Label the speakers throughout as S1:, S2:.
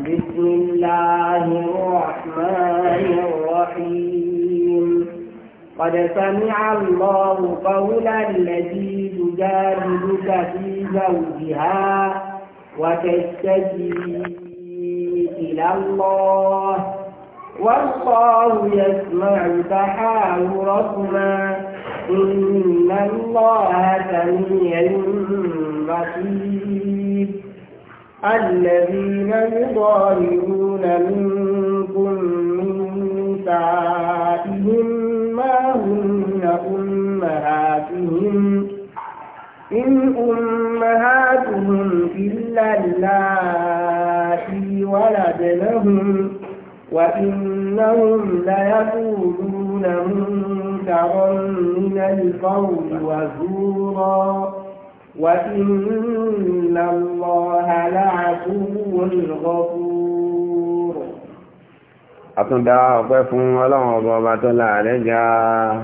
S1: بسم الله الرحمن الرحيم
S2: قد سمع الله قول التي تجادلك
S1: في زوجها وتشتكي إلى الله والله يسمع تحاوركما إن الله سميع بصير الذين يظاهرون منكم من نسائهم ما هن أمهاتهم إن أمهاتهم إلا اللاتي ولدنهم وإنهم ليقولون منكم وحذرا من القول وزورا وإن الله لعفو غفور
S2: أتندى أقف ولا أضربة لا رجاء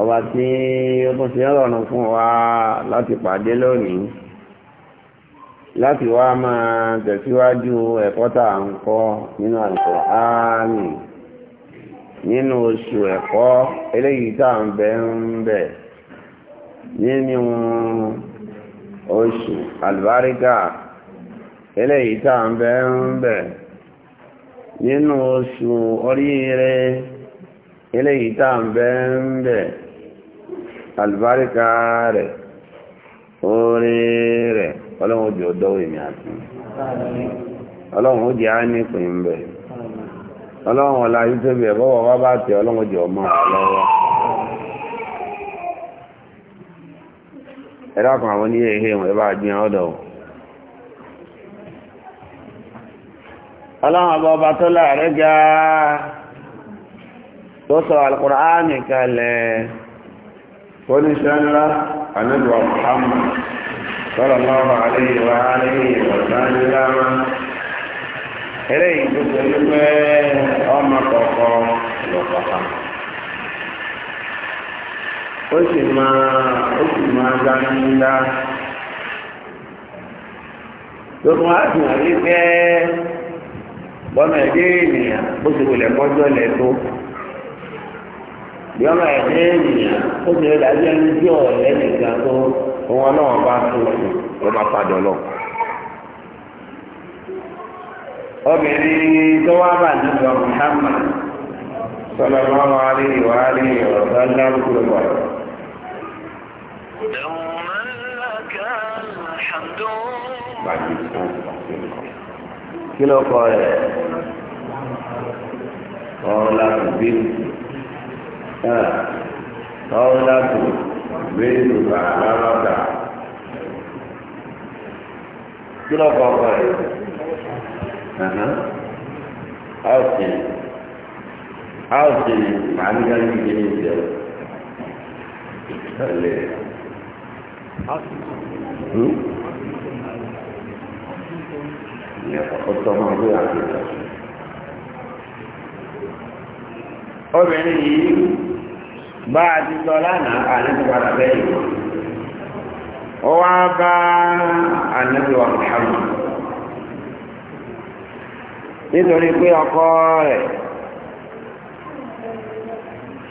S2: ọba tí ó tún ṣe ọ̀rọ̀ fún wa láti pàdé lónìí láti wá máa tẹ̀síwájú ẹ̀kọ́ tà ń kọ́ nínú Al-Qur'ani nínú oṣù ẹ̀kọ́ eléyìí tá à ń bẹ ń bẹ nínú oṣù àlùbáríkà eléyìí tá à ń bẹ ń bẹ nínú oṣù oríire eléyìí ń bẹ ń bẹ àlùbáríkà rẹ̀ oore rẹ̀ ọlọ́run ó jẹ́ ọ̀dọ́ àti ọlọ́run ó jẹ́ á nípìn bẹ́ẹ̀. ọlọ́run ọ̀la yìí tóbi ẹ̀ bọ́wọ́ wá bá tẹ ọlọ́run jẹ ọmọ lọ́wọ́ àwọn oníyẹ ihe wọn ẹ bá ọdọ ọlọ́run ọba ọba tó láàárẹ̀ ga tó sọ Al-Qur'ani eléyìí tó ṣe wípé ọmọ kọ̀ọ̀kan lọ pàpà ó sì máa ó sì máa gbanigbá lórí wọn á dùn wọn wípé bọ́mọ ẹ̀dẹ́ ènìyàn bó ṣe wulẹ̀ kọjọ́ lẹ̀ tó bọ́mọ ẹ̀dẹ́ ènìyàn ó ṣe dájú ẹni tí ọ̀rẹ́ nìkan tó wọn náà bá tó ló máa padà lọ obìnrin tó wá bà nínú Muhammad sallallahu alaihi wa alihi wa sallam kúrò kí ló kọ rẹ̀
S3: ọ̀la tó bíntu
S2: ọ̀la tó bíntu bàbá kí ló kọ ọ̀sìn ọ̀sìn màálùú ní ìdílé ìjẹ
S3: ọ̀lẹ̀ ọ̀tọ̀ máa gbé àgbẹ̀
S2: obìnrin yìí bá a ti sọ lánàá àníbi padà bẹ́ẹ̀ yìí ó wá bá àníbi wà nítorí pé ọkọ rẹ̀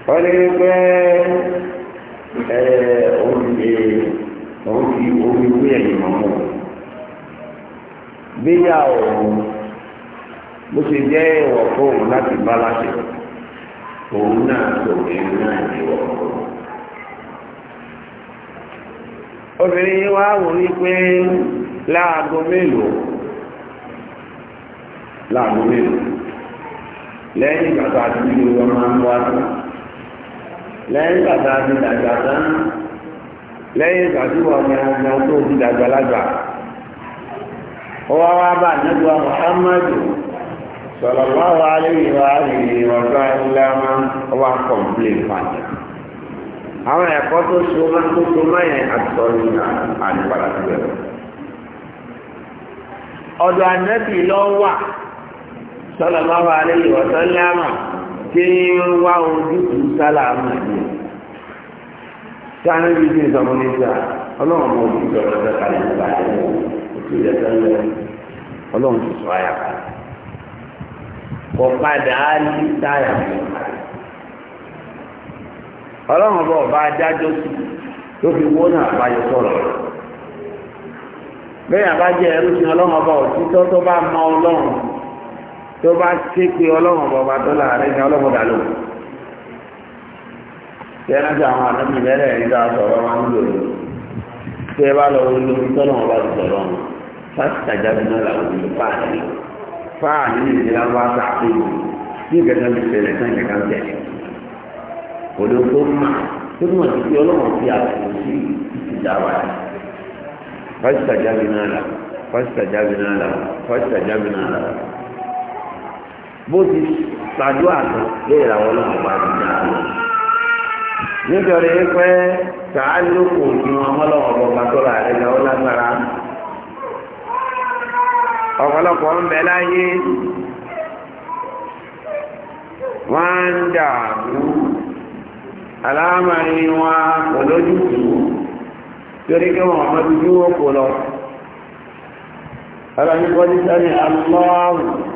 S2: ó ní pé òun ti òun ti omi wí ẹ̀yìn mọ́mọ́ bíyà òun bó ṣe jẹ́ ìwọ̀ fóun láti bá láṣẹ òun náà
S3: tòun náà ìwọ̀ fóun.
S2: obìnrin wa wò wípé láago mélòó láàbò mẹ́rin lẹ́yìn ìgbà tó a ti di ìwọ máa ń wá sí lẹ́yìn ìgbà tó a ti dàgbà tán lẹ́yìn ìgbà tí wọ́n ní ọjà tó ti dàgbà lágbà ọwọ́ wa bá nígbà Muhammadu sallallahu alaihi wa alihi wa sallam ọwọ́ akọ̀m̀plé fàjà àwọn ẹ̀kọ́ tó so máa tó so máa yẹn àtọ́ ní àdìpadà síbẹ̀ ọ̀dọ̀ ànẹ́bì lọ wà sallallahu alaihi wa sallam tí ń wá ojútùú sálámà yìí sáájú bíi ìsọmọ nígbà ọlọ́run mọ ojú ìjọba ọjọ́ kalẹ̀ nígbà yẹn ojú ìjọba sẹ́lẹ̀ ọlọ́run ti sọ àyà kan kò padà á ní táyà ọlọ́run bọ̀ bá dájọ́ sí tó fi wọ́n náà báyọ̀ sọ̀rọ̀ bẹ́ẹ̀ àbájẹ́ ẹrú sí ọlọ́run bọ̀ títọ́ tó bá mọ ọlọ́run tó bá ṣe pé ọlọ́run bọba tó láàrin ní ọlọ́run dàlú tí ẹ rántí àwọn àdánù ìbẹ̀rẹ̀ ẹ̀rí dáa sọ̀rọ̀ wọn nílò rẹ̀ tí ẹ bá lọ wọ ilé orí tọ́lọ̀ wọn bá ti sọ̀rọ̀ wọn fásitì àjáde náà làwọn ìlú fáàlì fáàlì ní ìdílé wọn bá sàfihàn bí ìgbẹ́ta ti ṣẹlẹ̀ sáà ìgbẹ́ta ń tẹ̀lé òdo tó mà tó mọ̀ sí pé ọlọ́run fi àtúnṣe sí ìdáwà bó ti pàdó àtọ̀ lè ra wọn náà bá ti dá lọ. nítorí pé sàálù kò ju ọmọ lágbára. ń bẹ láyé ń dààmú kò lójútùú torí wọn ọmọ dúdú wọn kò lọ.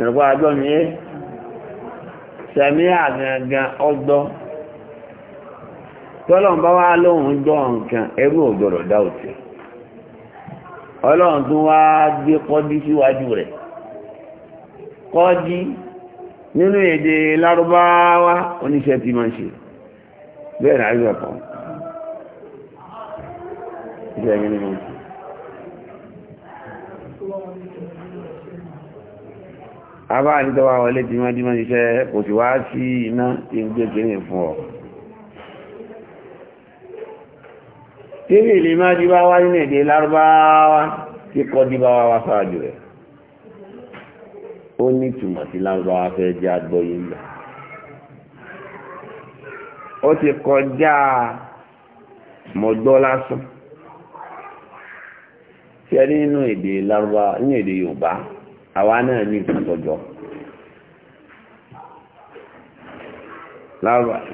S2: ìrọ̀pá àjọ mi é sẹ̀mí àgangan ọgbọ́ tọ́lọ̀n bá wá lóhun gbọ́ nǹkan ẹrú ògbọ̀rọ̀ dá ọlọ́run tó wá gbé kọ́dí síwájú rẹ̀ kọ́dí nínú èdè lárúbáwá oníṣẹ́ ti máa ṣe ìṣẹ́ ṣe àbá àdítọ́wà wọlé tí mọ́ dímọ́ iṣẹ́ kò sì wá sí iná tí ń gbé kéré fún ọ tíri ilé máa díbá wá nínú èdè lárúbáwá tí kọ́ díbá wá wá sáájú rẹ̀ ó ní ìtumọ̀ sí lárúbáwá fẹ́ jẹ́ agbóyé ńlá ó ti kọjá mọ̀gbọ́ lásán tí ẹni nínú èdè lárúbáwá nínú èdè yorùbá àwa náà ní nǹkan tọjọ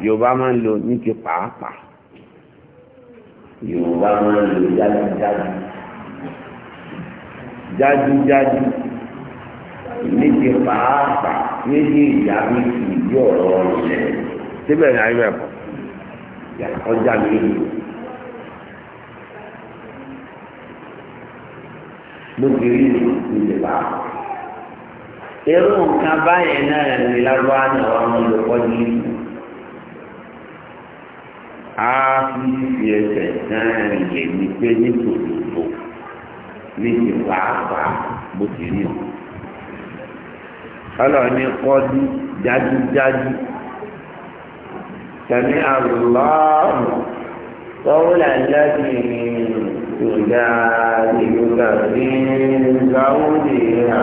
S2: yorùbá máa ń lo ní ti pàápàá yorùbá máa ń lo jájújájú jájújájú ní ti pàápàá méjì ìyá mi kì í bí ọ̀rọ̀ ọ̀rọ̀ rẹ̀ síbẹ̀ ní ayé bẹ̀ ọjà mi lò. lókèrè ìlú ìjẹba irú nǹkan báyẹn náà ní lágbára náà wọn ń lò pọ́jú a fi fi ẹsẹ̀ náà lè ní pé nítòlótò ní ti pàápàá bó ti rí o ọlọ́ọ̀ni kọ́dú jájújájú sami aláàmù tọ́wọ́lá láti ìgbà ìlú kàfin záwọ́lì rà.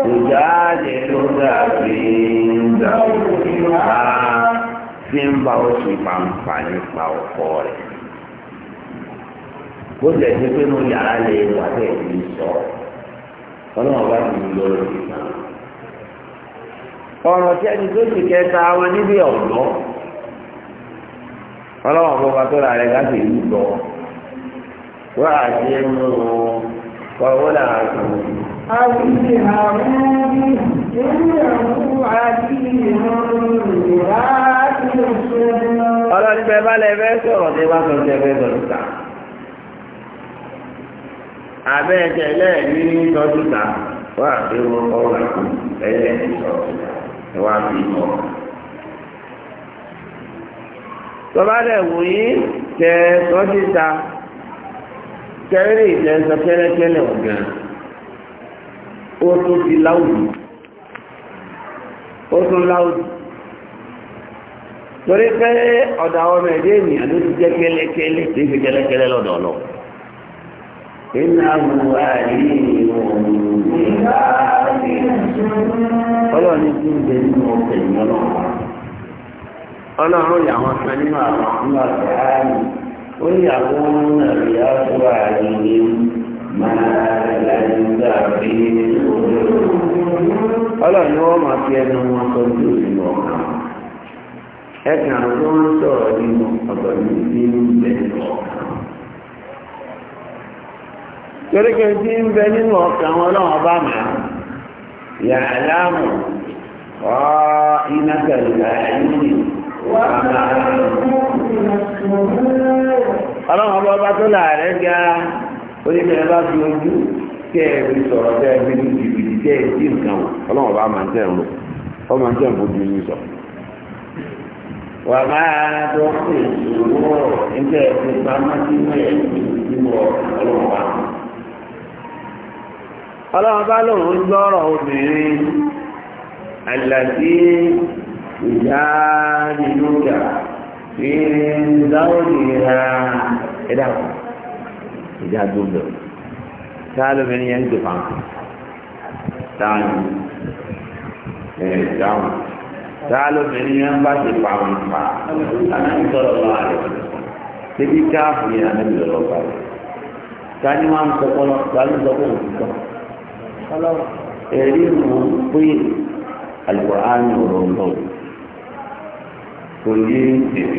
S2: ìjáàjẹ̀lógà fi ń dà á fi ń bá ó sì máa ń nípa ọkọ rẹ̀ bó lè pé mo yàrá lè wà bẹ́ẹ̀ ní sọ ọlọ́run bá lọ sí i náà ọ̀rọ̀ tí ẹni tó sì kẹta wọn níbi ọ̀dọ́ ọlọ́run tó ra rẹ̀ láti ìlú lọ wọ́n àti
S1: أو اجهروا به إنه عليم بذات الصدور
S2: ọlọ́ni bẹ́ẹ̀ bá lẹ́ẹ̀ bẹ́ẹ̀ sọ̀rọ̀ ní bá sọ jẹ́ bẹ́ẹ̀ sọ̀rọ̀ ta àbẹ́ ẹ̀jẹ̀ lẹ́ẹ̀rí tọ́jú ta wà bí wọ́n kọ́ wà kú ẹ̀yẹ sọ̀rọ̀ ẹ̀ wá bí mọ́. tọ́ba dẹ̀ wò yí tẹ tọ́jú ta kẹrì tẹ sọ kẹ́lẹ́kẹ́lẹ́ ọ̀gá ó tún ti láwùjọ ó tún láwùjọ torí pé ọ̀dọ̀ àwọn ọmọ ẹ̀dẹ́ ènìyàn ló ti jẹ́ kẹ́lẹ́kẹ́lẹ́ tí fi kẹ́lẹ́kẹ́lẹ́ lọ́dọ̀ lọ. iná wà ní ọlọ́run tí ń bẹ nínú ọ̀sẹ̀ ìyọ́n náà ọlọ́run yà wọn kan nínú àwọn àmúlò àti àárín ó ní àwọn ọmọ náà rí àtúwà àárín ọlọ́run ni wọ́n máa fi ẹnu wọn sọ ní òsínú ọkàn ẹ̀kàn àwọn tó ń sọ̀rọ̀ nínú ọ̀dọ̀ ní ìlú ìbẹ̀ nínú ọkàn torí kí n ń bẹ nínú ọkàn wọn náà bá mà á láàmù ọ iná oníkẹ́ ẹ bá fi ojú kẹ́ ẹ fi sọ̀rọ̀ tẹ́ ẹ fi ní jìbìtì tẹ́ ẹ sí nǹkan wọn ọlọ́run bá máa ń tẹ̀ ń lò ọ máa ń tẹ̀ ń fojú yín sọ. wà á máa tó pè ìṣòro ẹgbẹ́ ẹ̀sìn pamọ́ sí mẹ́rin nínú ọlọ́run bá. ọlọ́run bá lòun ń gbọ́rọ̀ obìnrin àlàdé ìyá nínú ìyá fi ń dáwọ́ ìhà ẹ̀dá kan ìjà gbogbo táà lóbìnrin yẹn ń gbè fáwọn táà ní ẹ̀ dáhùn táà lóbìnrin yẹn ń bá ti fáwọn fà ànábi sọ̀rọ̀ lọ́wọ́ rẹ̀ tẹ́bí káàfù yẹn ànábi lọ́wọ́ bá rẹ̀ táà ní wọn sọ pọ́nlọ́ táà ní sọ pọ́nlọ́ tó tọ́ pé alùpùpù àánú ọ̀rọ̀ ọ̀lọ́wọ́ kò yé èdè.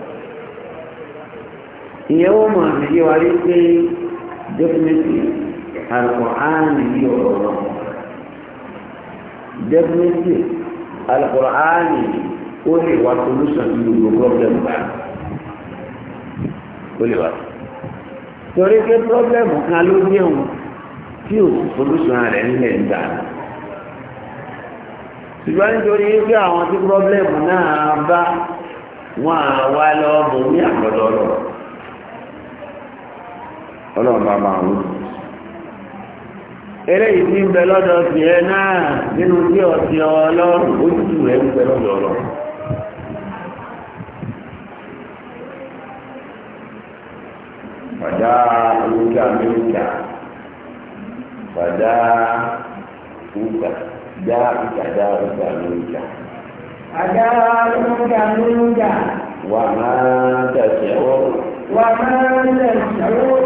S2: ìyẹn wọ́n mọ̀ àti yẹ wa rí pé definitely alukur'an yìí ọ̀rọ̀ náà definitely alukur'an ó lè wá solution sí gbogbo problem bá ó lè wá torí pé problem kan ló ní òun tí ò solution rẹ̀ nílẹ̀ ń dà ṣùgbọ́n nítorí pé àwọn tí problem náà bá wọn àwa lọ́ọ́ bò ní àgbọ̀dọ̀ lọ́wọ́ ọlọ́run bá máa wọ́n eléyìí tí ń bẹ lọ́dọ̀ tiẹ̀ náà nínú tí ọtí ọlọ́run ojútùú rẹ̀ ń bẹ lọ́dọ̀ ọlọ́run padà lókè amẹ́ríkà padà lókè dá ìkà dá lókè amẹ́ríkà.
S1: Àdá lókè amẹ́ríkà.
S2: Wà máa tẹ̀sẹ̀ wọ́n. Wà máa
S1: tẹ̀sẹ̀ wọ́n.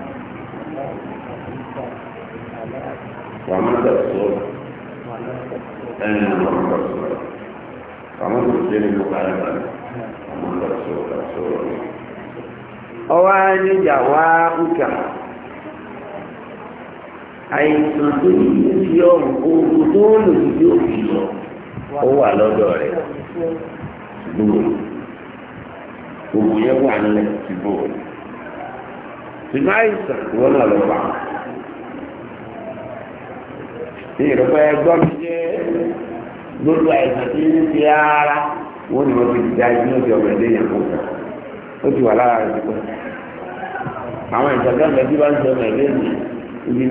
S3: ومن تبصر ومن تبصر ومن تبصر مقاربا ومن تبصر تبصر
S2: أواني جواؤك àìsàn tó ní ti ọrụ. oògùn tó ń lò ní yóò lọ ó wà lọ́dọ̀ rẹ̀ ṣùgbọ́n oògùn yẹn wà nílẹ̀ náà lọ bá tí ìrọ̀pẹ́ ẹgbọ́n mi jẹ́ gbogbo àìsàn tí ń fi ara wọ́n ni wọ́n fi dìda inú ti ọ̀bẹ lé yàn kúta ó ti wà lára rẹ̀ pẹ́. àwọn wọ́n ń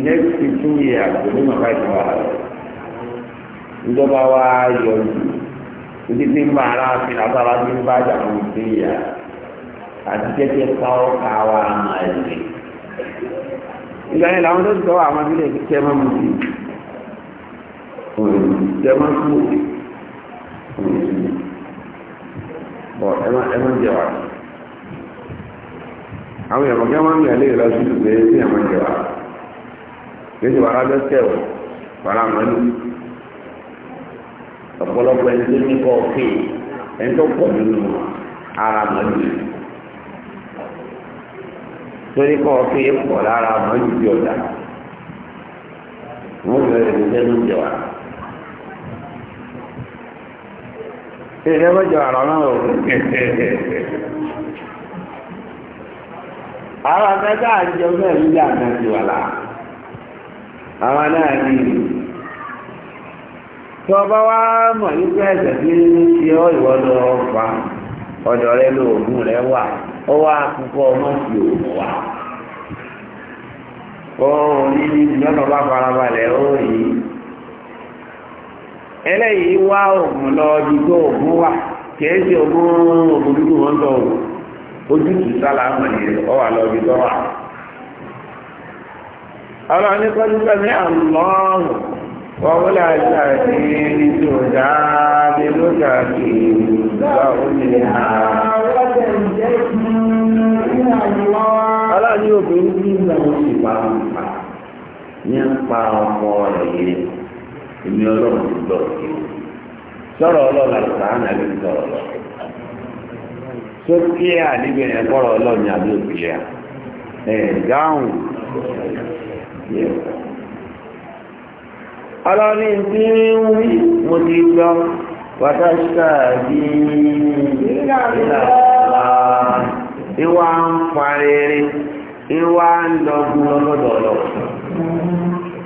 S2: next fifteen years kò ní wà rẹ̀. ìjọba wa yọ ju ibi tí ń bá ara fi ń bá fún ìyá àti kẹ́kẹ́ ìgbà yẹn làwọn tó ti sọ àwọn abílẹ̀ jẹ máa ń kú òkè bọ̀ ẹ máa ń jẹ wà àwọn èèyàn kọ̀ọ̀kan máa ń yàn léèrè lọ́sí ìgbé tí èèyàn máa ń jẹ wà kéjì wàrà bẹ́ tẹ̀wọ̀ wàrà mọ́lú ọ̀pọ̀lọpọ̀ ẹni tó ní kọ́ òkè ẹni tó pọ̀ nínú ara mọ́lú torí kọ́ òkè pọ̀ lára mọ́lú bí ọ̀dà wọ́n bẹ̀rẹ̀ ló jẹ́ èdè mẹ́jọ àrọ̀ náà ò àwọn akẹ́kọ̀ọ́ àjọ mẹ́rin bí àkàtì wà láà àwọn náà ní tí ọba wá mọ̀ nípa ẹ̀sẹ̀ tí ti lọ ọ̀dọ̀ rẹ rẹ wà ó wá púpọ̀ ọmọ sí oògùn wà ó ní ìjọba farabalẹ̀ ó yìí. eléyìí wá ahụ lọ ibi tó ògùn wà kìí ṣe ògùn ògùn dúdú wọn lọ ojú tù sálà mọ̀lẹ́ ọwà lọ ibi wà. ọlọ́run ní kọ́jú sẹ́mi àlọ́run wọ́n wọlé sí ní tòjá bí ọlọ́run ní bí pa ní ń pa ọmọ rẹ̀ yìí. èmi ọlọ́run ti lọ sọ̀rọ̀ ọlọ́run àtàrà àlẹ́ ti sọ̀rọ̀ lọ sókè àdébẹ̀ yẹn kọ́rọ̀ ọlọ́run àbí òkèlè à ẹ̀ dáhùn ọlọ́ni tí ń wí mo ti gbọ́ wàtàṣà bí ìwà ń fa rere ìwà ń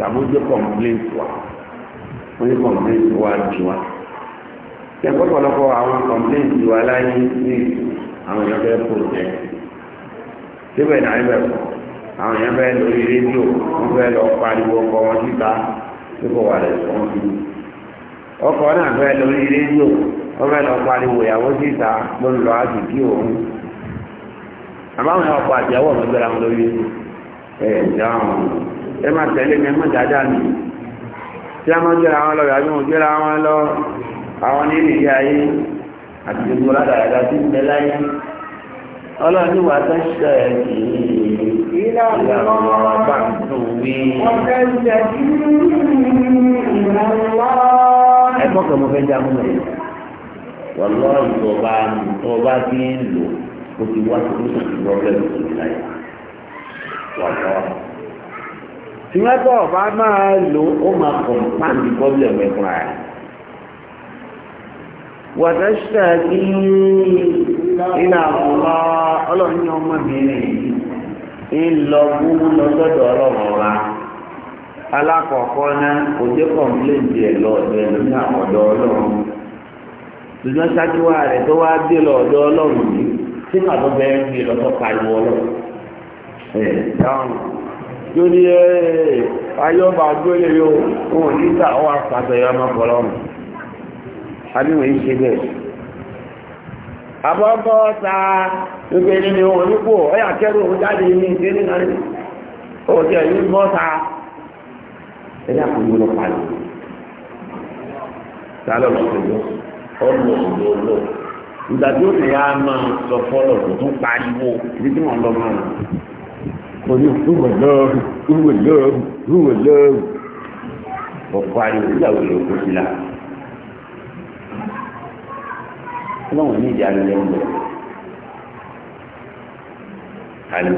S2: tàbójú kọ̀m̀pléǹtì wa wọ́n ní wa jù wa ẹ̀kọ́ pọ̀lọpọ̀ àwọn kọ̀m̀pléǹtì wa láyé ní àwọn èèyàn fẹ́ pòjẹ́ síbẹ̀ náà ẹ̀bẹ̀ kọ̀ àwọn èèyàn fẹ́ lórí rédíò wọ́n fẹ́ lọ pariwo ọkọ̀ wọn síta tí kò wà lẹ̀ sọ́n sí ọkọ̀ náà fẹ́ lórí rédíò wọ́n fẹ́ lọ pariwo ìyàwó síta ló ń lọ òun àbáwọn ọkọ̀ ẹ máa tẹ̀lé mi ẹ dáadáa mi tí a máa jẹ́ra wọn lọ yàgbé wọn jẹ́ra wọn lọ àwọn ayé àti gbogbo ládàáda tí ń láyé ọlọ́run ní wà á tẹ́sẹ̀ kì
S3: í
S1: ìlànà ọba tó wí.
S2: ẹ̀kọ́ tìmọ́tọ̀ ọ̀bá máa lò ó máa kọ̀m̀páǹdì pọ́blẹ̀mù ẹ̀kúnra rẹ̀ wàtẹ́sẹ̀ kí ilé àkùnlọ ọlọ́ọ̀ni ọmọbìnrin yìí ń lọ gbúgbú ọlọ́run alákọ̀ọ́kọ́ náà kò jẹ́ kọ̀m̀pléǹtì ẹ̀ lọ ọ̀dọ̀ ní ọlọ́run ṣùgbọ́n rẹ̀ tó wá dé lọ ọ̀dọ̀ ọlọ́run yìí tí yóò ní ẹ́ ayọ́bà gbélé yóò wọ́n ní ìta ọwọ́ àpàtẹ̀ yọ mọ́kànlá ọmọ yìí ṣe bẹ́ẹ̀ àbọ́bọ́ ta gbogbo ẹni ni nípò ọyà kẹrù òun jáde ní ìdí nínú rẹ̀ ẹ̀yà kò gbọ́dọ̀ máa sọ fọ́lọ̀ tó tún pariwo tí wọ́n kò ní wúwo lọ́ọ̀rù wúwo lọ́ọ̀rù wúwo lọ́ọ̀rù ọ̀pọ̀ àyè ìyàwó ló kó sí la ọlọ́run ní ìdí alẹ́ ń bọ̀ alẹ́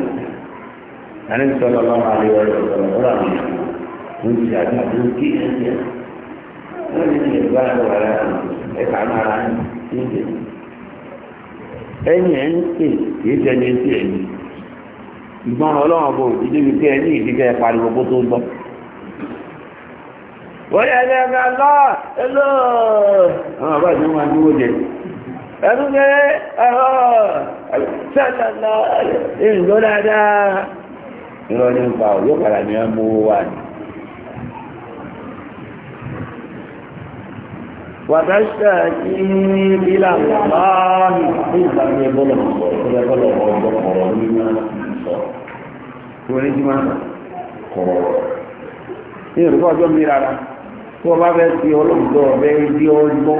S2: alẹ́ ń sọ́lọ́ ọlọ́run alẹ́ ọ̀rọ̀ ọ̀rọ̀ ọ̀rọ̀ àwọn èèyàn ń ṣe àdúgbò kí ẹ̀ ń ṣe wọ́n ní ìdí ẹ̀gbọ́n àti wàrà ẹ̀ka mára ń ṣe ẹ̀yìn ẹ̀ ń pè kì í ṣe ẹni tí ẹ̀yìn ìgbọ́n ọlọ́run ọbọ̀ ìdí mi pé ẹni ìdíkẹ́ pariwo kó tó gbọ́. wọ́n yẹ ẹni ẹgbẹ́ lọ ẹlò àwọn àbá ìdí wọn dúró jẹ ẹnu jẹ ẹhọ sẹta lọ ìrìnlọ dáadáa ìrọ ní nfa yóò padà ní ẹ mú wa ni. wàtàṣà kí ní bílà wà ní ìgbà ní ẹgbọ́n lọ́wọ́ ẹgbọ́n lọ́wọ́ ọgbọ́n ọ̀rọ̀ nínú sọ orí tí máa kọ̀rọ̀ ní ìrùkọ́ ọjọ́ mi tí wọ́n bá fẹ́ fi ọlọ́gbọ́ ọbẹ̀ bí ọgbọ́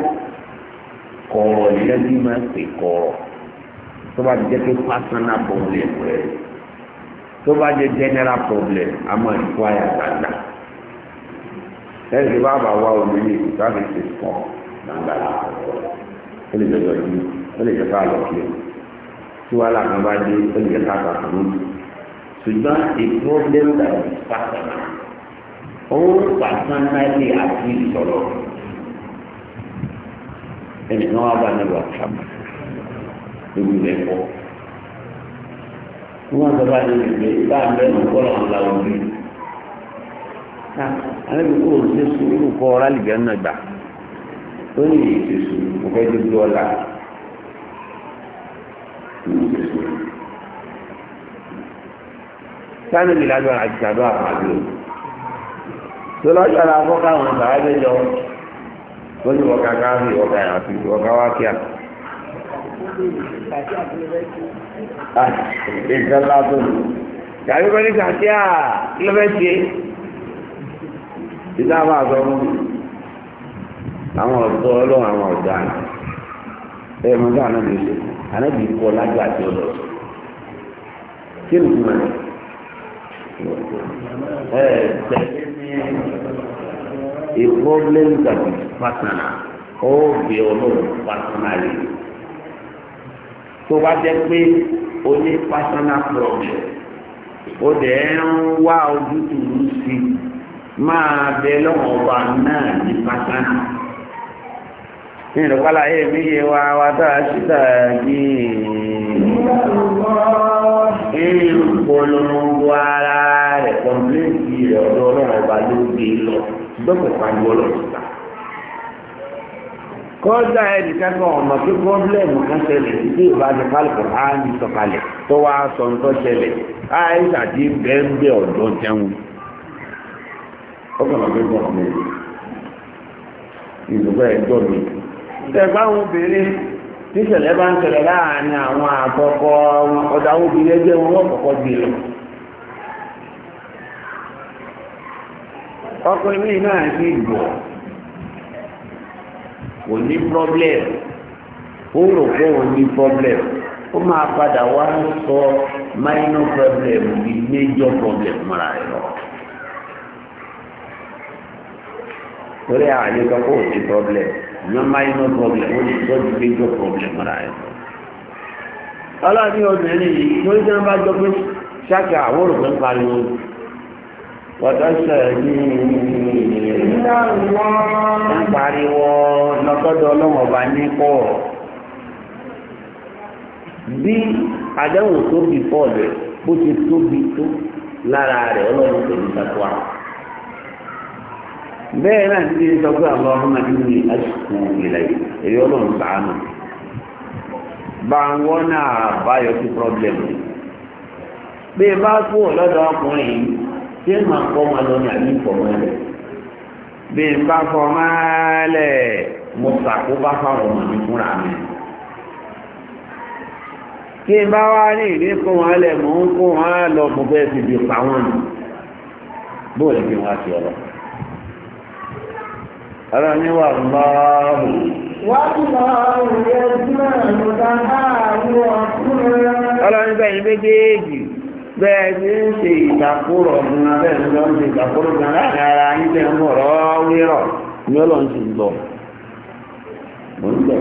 S2: kọ̀rọ̀ nílẹ̀ máa pè kọ̀rọ̀ tó bá jẹ́ pé personal problem rẹ̀ tó bá jẹ́ general problem a máa ń fọ́ àyà gbàgbà ẹ̀sìn bá bá wá omi ní tí wàhálà kan bá dé ó lè fún un ṣùgbọ́n a problem that is personal òun personally àti sọ̀rọ̀ ẹnì kan wà bá nílò àṣàmà lórí rẹ̀ pọ̀ wọ́n sọ bá nílò pé bá a bẹ́ẹ̀ lọ́kọ́ làwọn làwọn bí alẹ́ ah, bí kò ń ṣe sùúrù kọ́ ọ́ rálì gẹ́gẹ́ náà gbà ó ní sáni mi lágbára àti sàdó àwọn àdúró tó lọ́jọ́ra fọ́ká àwọn sàájẹ́ jọ wọ́n ah, ní wọ́ká káfí wọ́ká àti wọ́ká wákíà.
S3: nǹkan látò ní
S2: tàbí wọ́n ní kàkíà lọ́fẹ̀ẹ́sì ìdá máa sọ fún àwọn ọ̀dọ́ ọlọ́run àwọn ọ̀dọ́ àná ẹ̀ mọ́tò àná mi ṣe àná mi kọ́ lágbàdo lọ kí ni kí wọ́n ní. a problem that is personal be bí olóòrùn personally tó bá jẹ́ pé o ní personal problem nwa dẹ̀ ń wá ojútùú sí máa bẹ lọ́wọ́ ọba náà ní personal ní ìrọ̀pálá yé mi yé wa
S1: Èrò
S2: polongo ara rẹ̀ kọ̀m̀pléǹtì rẹ̀ ọ̀dọ́ ọlọ́run ọba ló gbé lọ. Ṣùgbọ́n kò pariwo ọlọ́run ta. Kọ́dà ẹnì kẹ́kọ̀ọ́ ọ̀nà pé pọ́blẹ́mù kan ṣẹlẹ̀ sí ìbáṣe kálukú á ní sọ̀kalẹ̀ tó wá sọ ń tọ́ ṣẹlẹ̀. Àìsà ti bẹ́ẹ̀ ń bẹ ọ̀dọ́ jẹun. Ọkàn àgbẹ̀ bọ̀ ọ̀nà ìlú bẹ́ẹ̀ gbọ́ mi. Ṣẹ̀gbọ́n obìnrin tíṣẹ̀lẹ̀ bá ń ṣẹlẹ̀ láàrin àwọn àkọ́kọ́ ọ̀dà obìnrin ẹgbẹ́ wọn wọ́n kọ́kọ́ gbé lọ. ọkùnrin mi náà ti gbọ́ kò ní problem ó rò pé òun ní problem ó máa padà wá sọ minor problem di major problem mọ́ra rẹ̀ lọ. torí àwọn àyè kan kò ní problem your no problem ó ní tó ti major problem ra ẹ̀. ọlọ́ọ̀ni obìnrin yìí ló ń bá jọ pé ṣáàkì àwọn òrùn ń pariwo wọ́tọ́sẹ̀ ní ń pariwo lọ́kọ́dọ̀ ọlọ́mọba ní pọ̀ bí àdáhùn tóbi pọ̀ rẹ̀ bó ti tóbi tó lára rẹ̀ ọlọ́run pẹ̀lú tatuwa. bẹ́ẹ̀ náà ti sọ pé àwọn ọmọ inú ni èyí ọlọ́run sàánù bá ń wọ́n náà báyọ sí pọ́blẹ́mù bí bá kú ọ̀lọ́dọ̀ ọkùnrin tí mà ń kọ́ máa lọ ní àbí ìfọ̀mọ́lẹ̀ bí bá fọ́ fáwọn ọmọ mi fúnra mi kí n bá wá ní ìdí wọn ara ní wà láàrù
S1: ara ní bẹ́yìn méjèèjì
S2: bẹ́ẹ̀ ní ń ṣe ìtàkùrọ̀ fún abẹ́ ìlọ́ ń ṣe ìtàkùrọ̀ fún ara ní tẹ́ ń bọ̀rọ̀ wírọ̀ ní ọlọ́ ń ṣe ń lọ mọ̀ ń lọ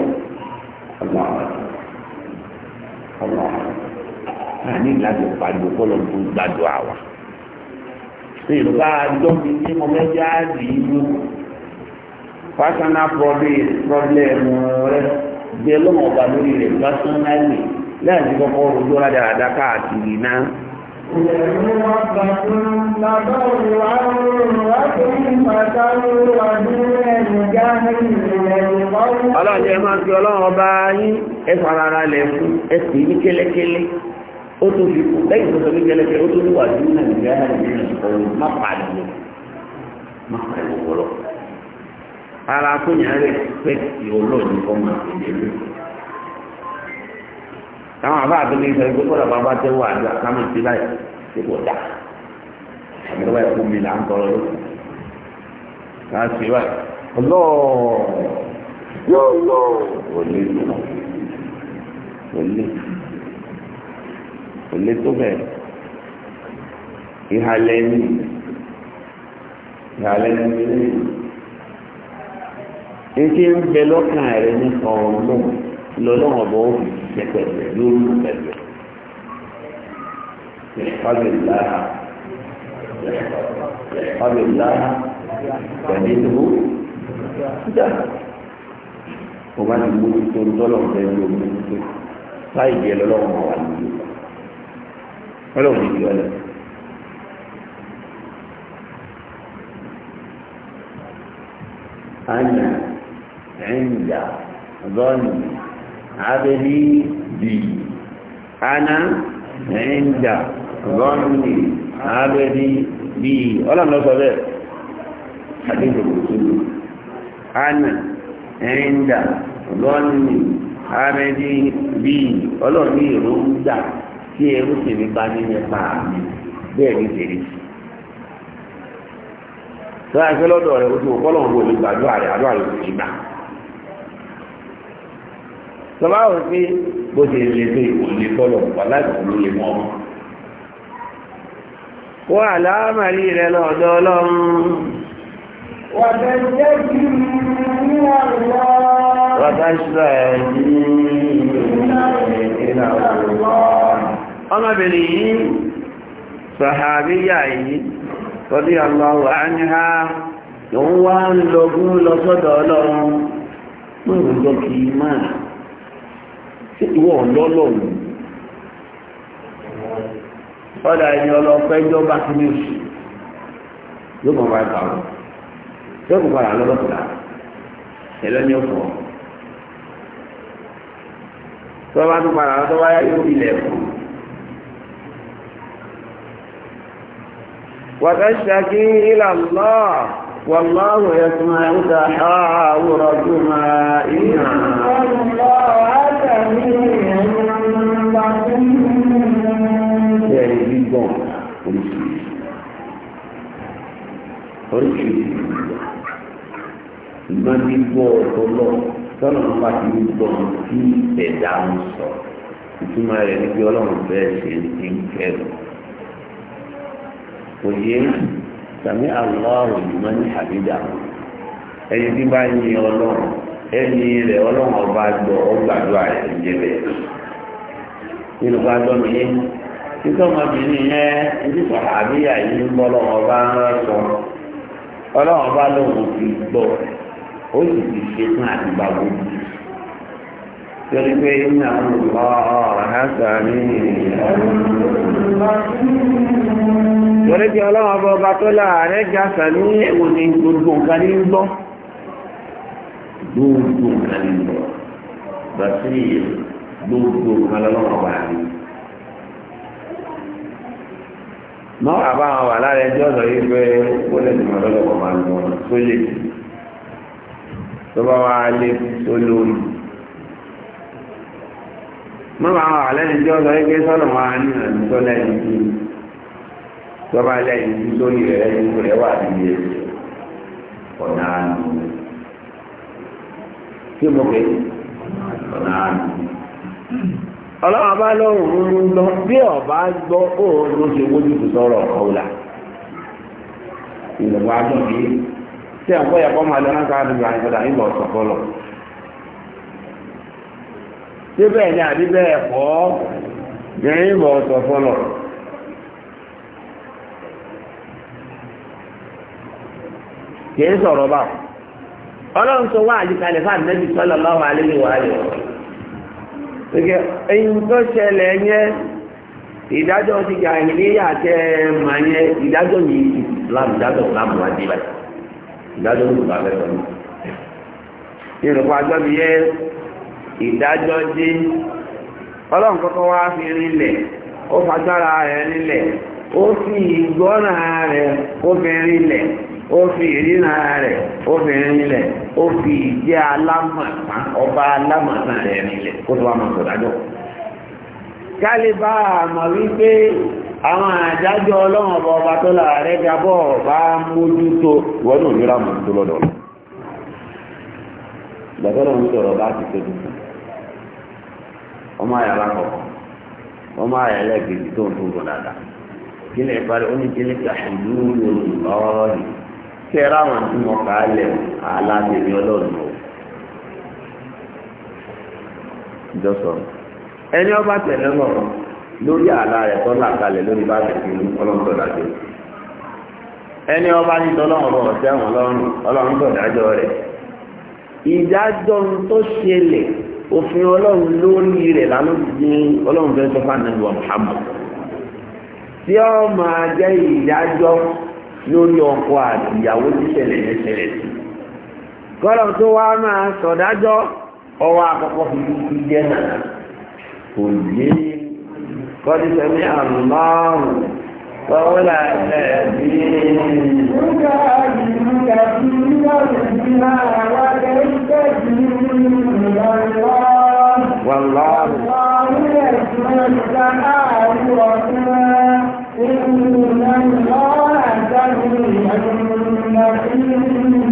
S2: gbàdọ̀ àwà. Yorùbá àjọ mi ní mo mẹ́jọ á rí personal problem rẹ gbé lọ́mọ ọba lórí rẹ̀ personally lẹ́yìn tí kọ́kọ́ dáadáa káàkiri náà.
S1: fi ọlọ́run ọba
S2: yín lẹ̀ fún ní kélékélé. Ó fi kú lẹ́yìn tó sọ ní kélékélé ó ní Nàìjíríà wọ́lọ́. ara kúnyà rẹ̀ pé tí olóòdì kọ́ máa fi lè lò. Táwọn àbá àtúndì sọ pé kọ́dà bàbá tẹ́ wà ní àkámọ̀ sí láì tí kò dà. Àbí tó bá mi là ń tọrọ lókè. Láà sí wáyé. Ọlọ́ yóò lọ òlé tó tó bẹ̀rẹ̀. Ìhàlẹ́ ni ìhàlẹ́ ni ìhàlẹ́ ni etí ń bẹ lọ́kàn rẹ nípa ọlọ́run lọ́lọ́run ọ̀bọ̀ òbí ṣe pẹ̀lú lórí pẹ̀lú
S3: ìfàgbélá ìfàgbélá pẹ̀lú ìjà
S2: mo bá ti mójú tó ń tọ́lọ̀ fẹ́ ní omi tó láì jẹ́ lọ́lọ́run ọ̀wà nìyí ọlọ́run ìjọ ẹ̀ Thank عند ظن عبدي بي أنا عند ظن عبدي بي ولا نصبه حديث الرسول أنا عند ظن عبدي بي ولا نصبه tí ẹrú tèmi bá ní nípa mi bẹ́ẹ̀ ní tèmi. Sọ́yà ìfẹ́ lọ́dọ̀ rẹ̀ oṣù kọ́lọ̀ ń wo mi gbàdúrà rẹ̀ àdúrà rẹ̀ kò ní gbà sọba wò pé bó ṣe lè tó ìwò lè tọ́lọ̀ wà láti ló lè mọ́ ọmọ. wọ́n àlámàrí rẹ lọ́dọ̀ ọlọ́run.
S1: wàtẹ́jẹ́ kí ní àlọ́.
S2: wàtẹ́jẹ́ kí
S1: ní àlọ́.
S2: ọmọbìnrin yìí sọ̀hábíyà yìí tọ́lí àlọ́wọ̀ àníhá lòun wá ń lọgún lọ sọ́dọ̀ ọlọ́run pé òun jọ máa wọn lọ́lọ́ ni ọ̀dà ẹni ọlọ́pẹ́ jọ bá ti ní oṣù yóò mọ̀ wáyé kàwé yóò kó padà lọ́dọ̀ kúta ẹlẹ́ni ọ̀fọ̀ tó bá tún padà lọ́dọ̀ wáyé yóò ilẹ̀ ẹ̀kọ́. وتشتكي إلى الله والله يسمع تحاوركما إنا
S1: bẹ́ẹ̀ gbígbọ̀n
S3: oríṣiríṣi oríṣiríṣi
S2: ìgbọ́n gbígbọ́ ọ̀tọ̀lọ́ tọ́nà nípa ti gbígbọ́n tí ẹ̀dá ń sọ ìtumọ̀ rẹ̀ ní bí ọlọ́run bẹ́ẹ̀ ṣe ti ń kẹ́rù òye sàmì àlọ́ àrùn ìmọ̀ ní àbíjà ẹni tí bá ń yin ọlọ́run. ẹni rẹ̀ ọlọ́run ọba gbọ́ ọgbàdúrà rẹ̀ ń jẹ bẹ́ẹ̀ nínú bá gbọ́ mi yé títọ́ ọmọbìnrin yẹn ibi sọ̀rọ̀ àbíyá yìí ń bọ́ ń sọ ti gbọ́ ó sì ti ṣe fún àdìgbà gbogbo torí pé ọba ọba ní ní gbogbo nǹkan ní lọ bàtíyè gbogbo nǹkan lọ́wọ́ wà ní. mọ àbáwọn wà lára ẹjọ́ ọ̀dọ̀ yìí pé ó lè dùn ọ̀dọ́ lọ́wọ́ máa lọ tó lè tó bá wà lé tó lórí. mọ àwọn wà lẹ́nu ẹjọ́ ọ̀dọ̀ yìí pé sọ́nà wà ní ìrìn tó lẹ́yìn tí tó bá lẹ́yìn tí sórí rẹ̀ ẹ̀yìn rẹ̀ wà níbi ètò ọ̀nà àná. kí mo pè ọ̀nà àmì ọlọ́wọ́ bá lọ́rùn ọba gbọ́ ṣe wójú tó sọ̀rọ̀ ọ̀la ìlọ́wọ́ adùn yìí tí ẹ̀kọ́ yẹ kọ́ máa lọ náà káàdùn gbà nígbàdà nígbà ọ̀sọ̀kọ́ lọ. ṣé bẹ́ẹ̀ ni àbí bẹ́ẹ̀ kọ́ gẹ̀rẹ́ ọlọ́run tó wá àyíkalẹ̀ fún ànábì sallallahu alaihi wa alihi gẹ́gẹ́ ẹyin tó ṣẹlẹ̀ yẹn ìdájọ́ ti gà ìníyà tẹ mà yẹn ìdájọ́ yìí ti láàmù ìdájọ́ báyìí ìdájọ́ yẹ ìdájọ́ ó fi ìríran rẹ̀ ó fi rinlẹ̀ ó fi ìjẹ́ alámọ̀tán ọba alámọ̀tán rẹ̀ rinlẹ̀ kó tó wà máa sọ dájọ́ kálíbà àmọ̀ wípé àwọn àjájọ́ ọlọ́run ọba ọba tó láàrẹ́ gabọ́ bá mójútó wọ́n ò nira mọ̀ tó lọ́dọ̀ kẹra àwọn tí mo kà á lẹ̀ alábẹ̀mí ọlọ́run o jọ́sọ̀ ẹni ọba tẹ̀lé lọ́rọ̀ lórí àlá rẹ̀ tó kalẹ̀ lórí bá rẹ̀ fún ọlọ́run dájọ́ ẹni ọba ní tọ́lọ́run bọ̀ sẹ́wọ̀n ọlọ́run ọlọ́run dájọ́ ìdájọ́ tó ṣẹlẹ̀ òfin ọlọ́run lórí rẹ̀ ọlọ́run fẹ́ sọ fún àná tí ọ máa jẹ́ ìdájọ́ lórí ọkọ̀ àti ìyàwó tíṣẹ̀lẹ̀ yẹn sí kọ́lọ̀ tó wá máa sọ̀dájọ́ ọwọ́ àkọ́kọ́ fi fi jẹ́ náà kò yé kọ́dí sẹ́mi àlùmáàrùn Fọ́wọ́lá ẹ̀bí
S1: Ọjọ́ ìrìnkà sí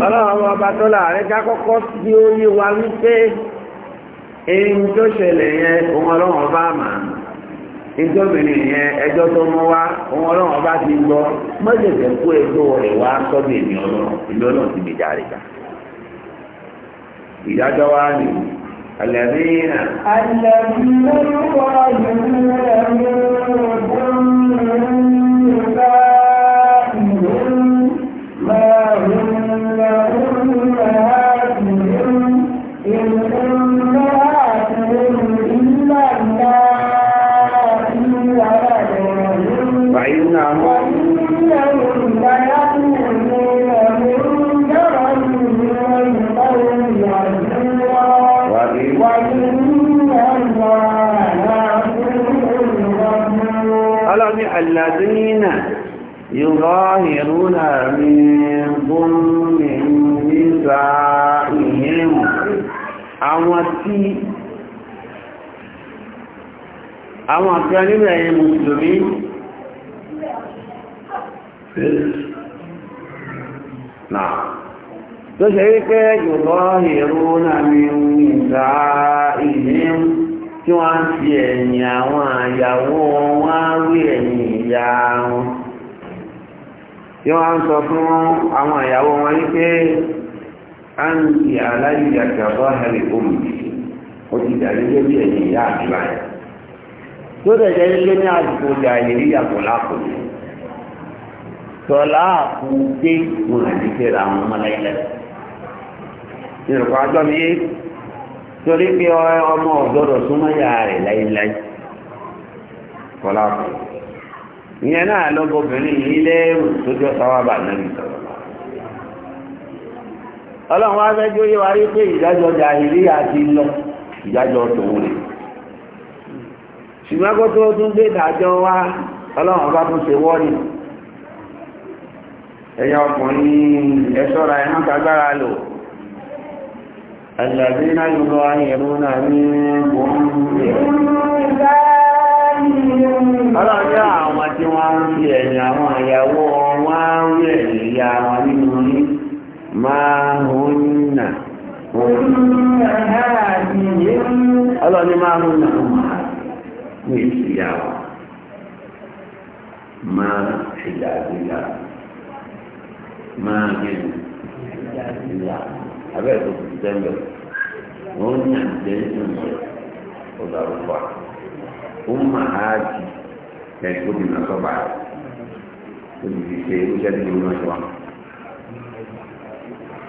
S2: ọlọ́run ọba tó láàrin ká kọ́kọ́ bí ó yé wa wípé èyí tó ṣẹlẹ̀ yẹn òun ọlọ́run ọba mà ìjọbìnrin yẹn ẹjọ́ tó mú wá òun ọlọ́run ọba ti gbọ́ mọ́jẹ̀jẹ̀ kó ẹjọ́ rẹ̀ wá sọ́dọ̀ èmi ọlọ́run èmi ọlọ́run ti gbèjà rẹ̀ ká ìdájọ́ wa ni alẹ́ mi nà.
S1: alẹ́ mi ló ń kọ́ ọ̀dùnkún rẹ̀ mú un.
S2: يظاهرون منكم من نسائهم àwọn tí àwọn ẹ̀yẹ mùsùlùmí náà tó ṣe wípé jùlọ náà mi ń ìlú tí wọ́n ẹ̀yìn àwọn àyàwó wọ́n rí ẹ̀yìn ìyá wọn yóò wá ń sọ fún àwọn ìyàwó wọn ní pé a ń ti aláìyà omi ó ti dàrí lórí ẹ̀yìn ìyá àdúrà yẹn tó dẹ̀ jẹ́ nílé ní àdúgbò ìyá ìlérí yàtọ̀ láàpò tọ́lá àpò dé wọn àdìsẹ́ ra àwọn ọmọláyẹlẹ ìrùkọ́ àjọ mi torí pé ọmọ ìyẹn náà lọ́gbọ̀bìnrin yìí lẹ́rù tó jọ sáwábà lẹ́nu ọlọ́run wá fẹ́ jó rí pé ìdájọ́ jàìrí àti lọ ìdájọ́ tòun rè ṣùgbọ́n kó tó tún dé ìdájọ́ wa ọlọ́run bá tún ṣe wọ́ọ̀nì ẹ̀yà ọkùnrin
S1: ẹ ọlọ́jọ́ àwọn tí wọ́n
S2: ń fi ẹ̀yìn àwọn ìyàwó wọn á rí ẹ̀yìn ìyá wọn nínú ní máa hún nà ọlọ́ni máa hún nà ní ìsìyàwó máa ìyàgbéyà máa gẹ̀ẹ́nì ìyàgbéyà abẹ́ ẹni tó ti nà sọ́ba tó ti fi ṣe irúṣẹ́ tó ti nà sọ́ba.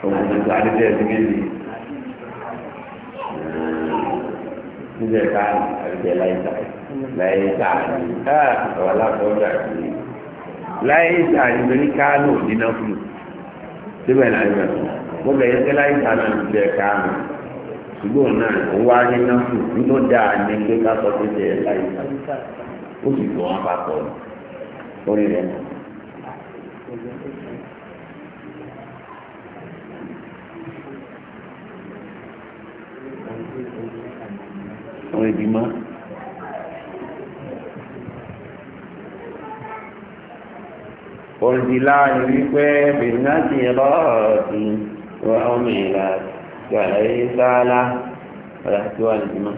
S2: Òun ti sọ adé tẹ́lẹ̀ síbi ní níbẹ̀ káàdì àbíkẹ́ láyéta láyéta àbí ọ̀rọ̀ aláfọwọ́dà àbí láyéta àbí ní káàdì òdìnnà fún un síbẹ̀ náà ń bẹ̀ wọ́n bẹ̀ yẹn kẹ́lá ìta náà ń bẹ̀ káàmù ṣùgbọ́n náà ó wá ní náà fún un dáa ní pé ká sọ pé ṣe ẹ̀ ó sì tó wọn papọ̀ lórí rẹ̀ náà. wọ́n lè bí mọ́. Òrìdìlá ni wípé bìnnà ti wọ́n mi là gbàlẹ́ sálá. Ọ̀rẹ́ àti wà lè bí mọ́.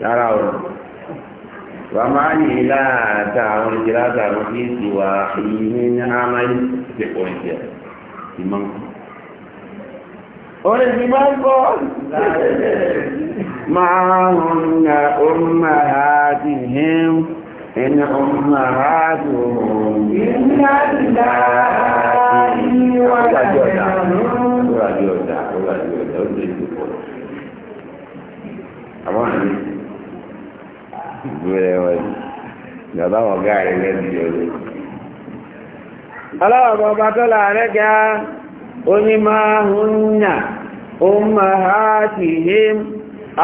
S2: rárá o wà máa ní láàdá àwọn ìjìláta àwọn tí ti wà ìní ní àmáyé ti pọ̀ ìjẹ́ ìmọ̀
S1: orin ti máa ń kọ́
S2: máa ń na orúnmà àti hẹ́m ẹni orúnmà àti ohun ìrìnlá ìlà ìwọ̀n ìwọ̀n ìwọ̀n ìwọ̀n ìwọ̀n ìwọ̀n ìgbéra wọn ni bàbá ọ̀gá rẹ̀ lẹ́bi ọ̀rọ̀. ọlọ́wọ́ ọba tó ga onímọ̀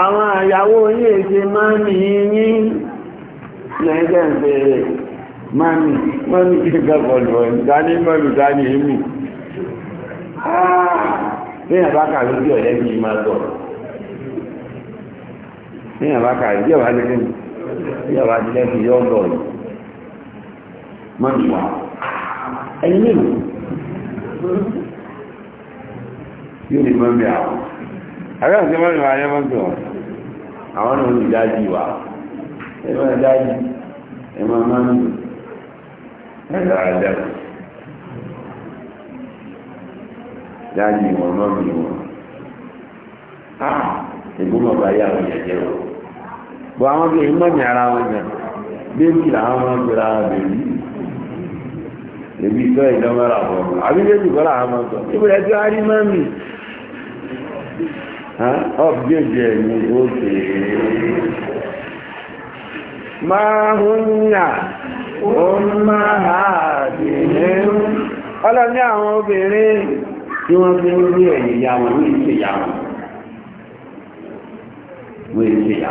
S2: àwọn àyàwó yìí lẹ́gbẹ̀ mami ah! ní àbákà ọ̀lẹ́bí máa tọ̀ ní àbákà ọ̀lẹ́bí yàrá adìlẹ́ fi yọ ọ̀dọ̀ yìí má mi wá ẹni mélòó yóò lè má mi àwọn àbẹ́ àti má mi wá ayé má mi wá àwọn náà lè dájú wá ẹ má dájú ẹ má má mi ẹ dára dájú dájú wọn má wọn ah ìgbóná bá yà wọn yẹ jẹ wọn. bọ́ oh, àwọn bí ìmọ̀ ní ara wọn jẹ bébì làwọn ọmọ gbéra bèbí bèbí tó ìdánwò rà bọ̀ àbí bébì kọ́ làwọn ọmọ sọ ya ya ya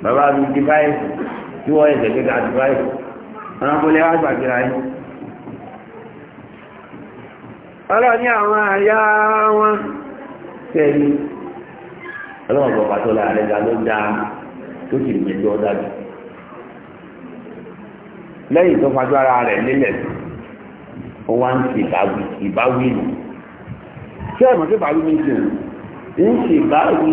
S2: bàbá mi di báyìí tí wọ́n ẹ̀sẹ̀ gbé ga di báyìí wọn kò lè wá gbàgbéra yìí. ọlọ́ọ̀ ní àwọn àyà wọn tẹ̀lé ọlọ́wọ́n bọ̀ pàtó la rẹ̀ ga ló dáa tó sì mẹ́jọ dájú lẹ́yìn tó fagbá ara rẹ̀ nílẹ̀ ó wá ń ṣe ìbáwí nù ṣé ẹ̀mọ́ sí ìbáwí ní ń ṣe ìbáwí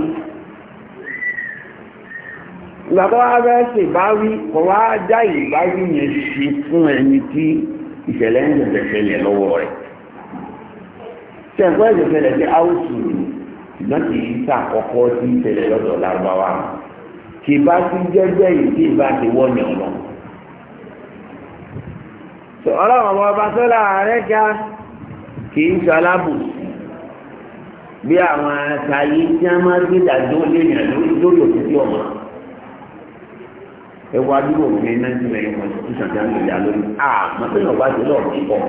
S2: ìgbàtọ́ wá fẹ́ ṣe ìbáwí kọ̀ wá já ìbáwí yẹn ṣe fún ẹni tí ìṣẹ̀lẹ̀ ń ṣẹ̀ṣẹ̀ ṣẹlẹ̀ lọ́wọ́ rẹ̀ ṣẹ̀kọ́ ẹ̀ṣẹ̀ ṣẹlẹ̀ ṣe áwùsù ṣùgbọ́n kì í ṣàkọ́kọ́ sí ìṣẹ̀lẹ̀ lọ́dọ̀ lárúbáwá kì bá ti jẹ́jẹ́ yìí tí ìbá ti wọ́nyàn lọ. ọlọ́run ọba tó
S1: láàárẹ̀ ga
S2: kì í ṣe alábùsù bí àwọn àtàyè tí wọ́n máa gbé dàdó lórí òṣìṣẹ́ ọ̀mọ́ ẹ wá dúró òfin nàìjíríà yìí constitution ti à ń lò yà lórí àmọ́ pé yóò bá ti lọ́ọ̀ bí bọ́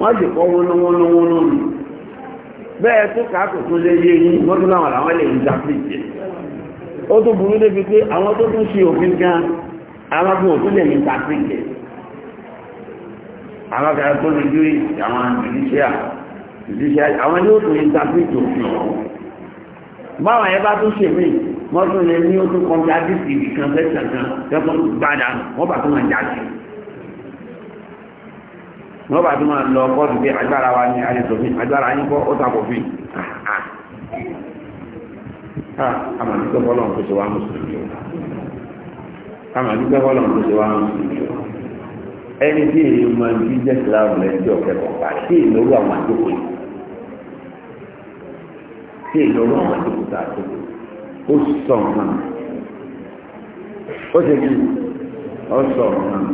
S2: wọ́n sì kọ́ wónúwónúwónú ni bẹ́ẹ̀ tó kàákò tó lé yé yín wọ́n tún láwọn làwọn lè interpret ó tó burú débi pé àwọn tó tún ṣe òfin gan alábùn òtún lè interpret àwọn kan tó lè dúró àwọn judicial judicial àwọn yóò tún interpret òfin ọ̀hún báwọn ẹ bá tún ṣe míì wọ́n tún lè ní ó tún kọjá dìsì ibì kan lẹ́sàn kan lẹ́kọ̀ọ́ gbàdá wọ́n bá tún máa jáde wọ́n bá tún máa lọ kọ́ọ̀tù pé agbára wa ní alẹ́sọ̀fin agbára yín kọ́ ó takò fi àmàdúgbò fọlọ́n kò ṣe wá mùsùlùmí o àmàdúgbò fọlọ́n kò ṣe wá mùsùlùmí ẹni tí èyí máa ń bí jẹ́ síláàmù lẹ́jọ́ kẹ́kọ̀ọ́ pa sí ìlórú àwọn àjókòó yìí sí àwọn àjókòó ó sọ nǹkan ó ṣe kí ó sọ nǹkan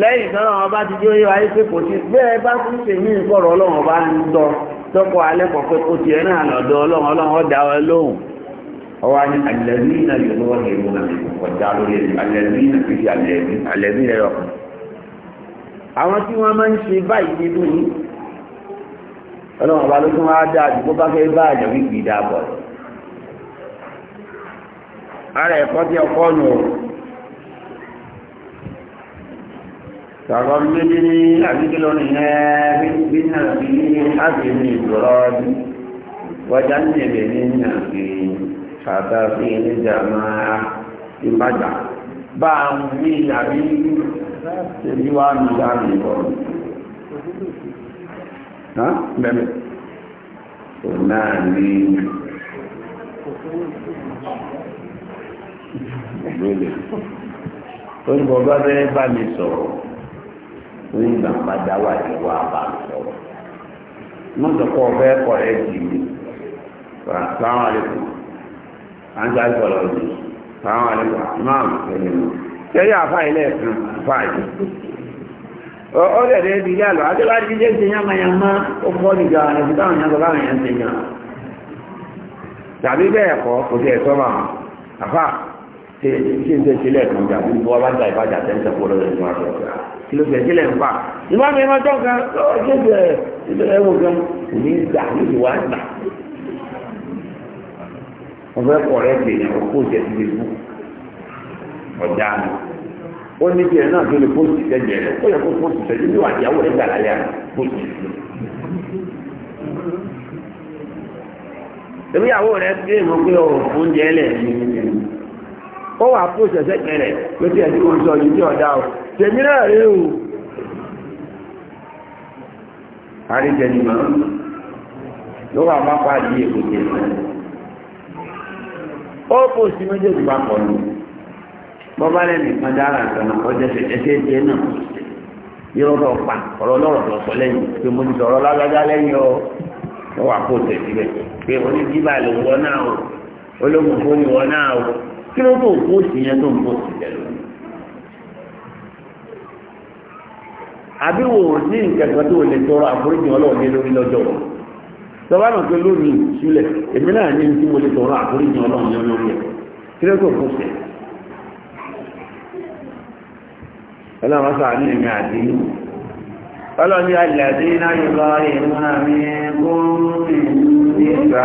S2: lẹ́yìn ìtọ́lọ́ wọn bá ti dé oyé wáyé pé kò sí bẹ́ẹ̀ bá tún ṣe ní ìfọ̀rọ̀ ọlọ́run bá ń dọ tọ́kọ̀ alẹ́ kan pé kò tiẹ̀ náà lọ́dọ̀ ọlọ́run ọlọ́run ọ̀dà ọ lóhùn ọwọ́ ni alẹ́bí náà yóò lọ́wọ́ ní ìlú náà ọ̀dà lórí alẹ́bí náà fi ṣe alẹ́bí alẹ́bí rẹ̀ ọ̀kan. àwọn tí wọ́n máa ń ṣe báyìí nínú yìí ọlọ́run ọba ló tún wá dáa ju bó bá fẹ́ bá àjọ ara ẹ̀kọ́ tí ọkọ́ nù ọ́ sọ̀rọ̀ méjì ní àbíkílò ní ẹ̀ẹ́bí lólè ó ní bá mi sọ̀rọ̀ ó bàbá dá wà ní wà bá mi sọ̀rọ̀ sọ pé ọ̀fẹ́ jì mí à ń sẹ́yìn àfa ilé àfa ó ilé àlọ́ ṣe ó kọ́ ṣe tàbí bẹ́ẹ̀ kọ́ kò ṣe ṣe ń tẹ̀sílẹ̀ kan jà bí wọ́n bá ta ìbàjá tẹ̀sán kó lọ́dọ̀ ìmọ̀ àti ọ̀gá kí ló fẹ́ sílẹ̀ ń fà ìmọ̀ mi máa tọ́ kan lọ́wọ́ ṣe bẹ̀ ìbẹ̀rẹ̀ ẹ̀wọ̀n kan kò ní gbà ní ìwà gbà. wọ́n fẹ́ kọ̀ rẹ́ pé ìyàwó kó jẹ́ ti lébú ọ̀dà mi ó ní tiẹ̀ náà tó lè pósìtì sẹ́jẹ̀ rẹ̀ ó yẹ kó pósìtì sẹ́jẹ̀ ní ìyàwó rẹ̀ gbà lálẹ́ pósìtì ó wà fún ìṣẹ̀ṣẹ̀ kẹrẹ̀ tí yìí o tèmi náà rí o àríjẹni ló wà má pa àdí èkó jẹ ó kò sí méjèèjì papọ̀ ni bọ́bá lẹ́nu kan dára kan ọjọ́ ìṣẹ̀ṣẹ̀ tiẹ̀ náà yọ̀rọ̀ lọ pa ọ̀rọ̀ lọ́rọ̀ lẹ́yìn pé mo sọ̀rọ̀ lágbájá lẹ́yìn ọ ó wà kí ló tó kó sí yẹn tó ń kó sí tẹ̀lé àbí wò ní ìkẹ̀kọ̀ tó lè tọrọ àforíjì ọlọ́ọ̀dẹ lórí lọ́jọ́ tọ́ba náà pé lónìí sílẹ̀ èmi náà ní tí mo lè tọrọ àforíjì ọlọ́ọ̀dẹ lórí ẹ̀ kí ló tó kó sí ọlọ́run sọ àní ìrìn àti ọlọ́run ní àti náà yóò lọ
S3: ìrìn àmì
S1: ẹgbọ́n ìgbà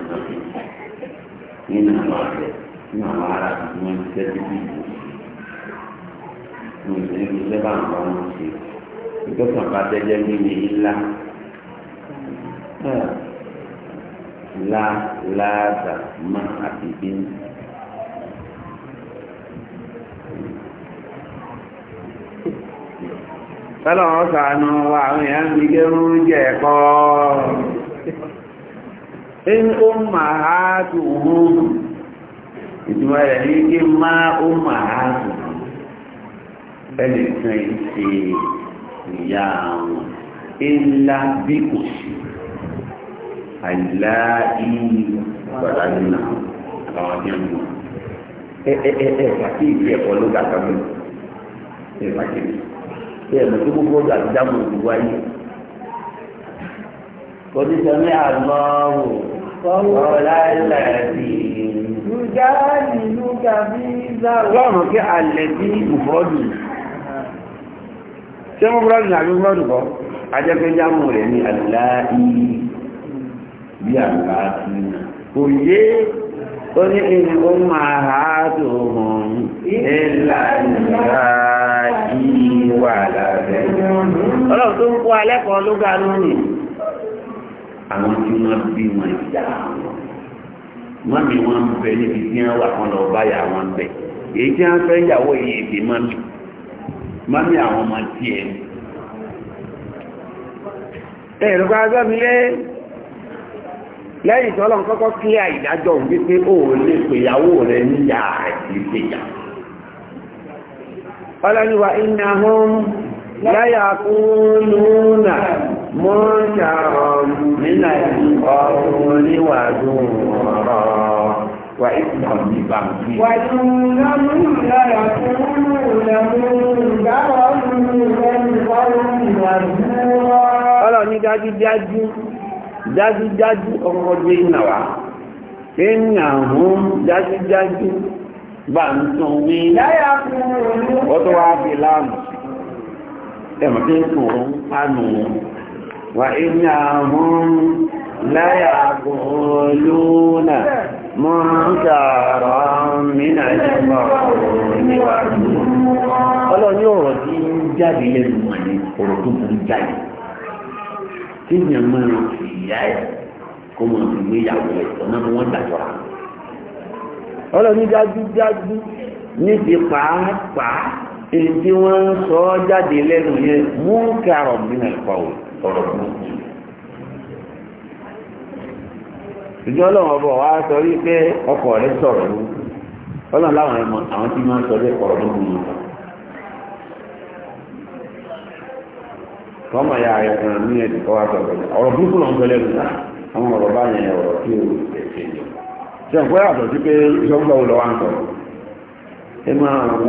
S2: nínú àwọn àgbẹ̀ nínú àwọn ará tí wọ́n ti tẹ́tí sí ìlú. ní kí iṣẹ́ ń bá wọn ṣe. Ìjọsìn bá tẹ́jẹ́ mí ní ńlá. La láàdà má àti bínú. Fẹ́lọ̀ ọ̀sán wa àwọn èèyàn ń gbé oúnjẹ kọ́ ń ó máa á tó òun ìtumọ̀ rẹ̀ ní kí máa ó máa á tó ẹnìkan ìṣe ìyá àwọn ńlá bí kò sí àìláìí gbàdá nínú àwọn ọdún ẹnu ẹ ẹ ẹ pàtí ìdí ẹ̀kọ́ ló dàgbà mí ẹ pàtí ẹ ẹ mọ̀tò gbogbo ọjà ti dáàbò òdùwáyé kọ́díṣẹ́ ní àlọ́ Lọ́rùn kí a lè bí ìfọ́dù. Ṣé mú fọ́dù ní àbí fọ́dù kọ́? A jẹ́ pé jámù rẹ̀ ní àláì bí àgbà ti kò yé ó ní ìní ó máa ha tó hàn ìlà ìlà ìwà àlàbẹ̀. Ọlọ́run tó ń kó alẹ́kọ̀ọ́ ló ga lónìí. àwọn tí wọ́n bí wọn ìyá wọn wọ́n bí wọ́n bẹ níbi tí ya wà lọ báyà wọn bẹ̀ èyí tí wọ́n fẹ yàwó yìí èdè mọ́mí àwọn ọmọ tiẹ̀ ẹ̀rọ bá gbọ́ mi lé lẹ́yìn tọ́lọ́ kọ́kọ́ kí àìdájọ́ òun wípé ó lè níyà
S1: na منكرا
S2: من القول وزورا وإثما ببعضهم
S1: وإنهم ليقولون منكرا من القول وزورا ọlọ́ni dájúdájú
S2: dájúdájú ọkọ̀ gbé ìnàwà ìnàhún daji daji ń tún wí ọdún wa fi láàmù sí ẹ̀mọ̀ tí ń kò ń wà ní
S1: àwọn láyà olóòlà mọ́ ń kààrọ̀ mìíràn ìjọba
S2: ọlọ́run ọ̀rọ̀ tí ń jáde lẹ́nu mọ̀ ní ọ̀rọ̀ tó burú jáde tí ìyẹn ìyá ẹ̀ kó sí ẹ̀ èyí tí wọ́n ń sọ ọ́ jáde lẹ́nu yẹn mú kàrọ̀ nínú ẹ̀kọ́ ọ̀rọ̀ mú. ìjọ ọlọ́run ọbọ̀ wa sọ pé rẹ tí sọ ya ayọ̀ ní kọ́ wa ọ̀rọ̀ burúkú náà àwọn ọ̀rọ̀ bá yẹn ọ̀rọ̀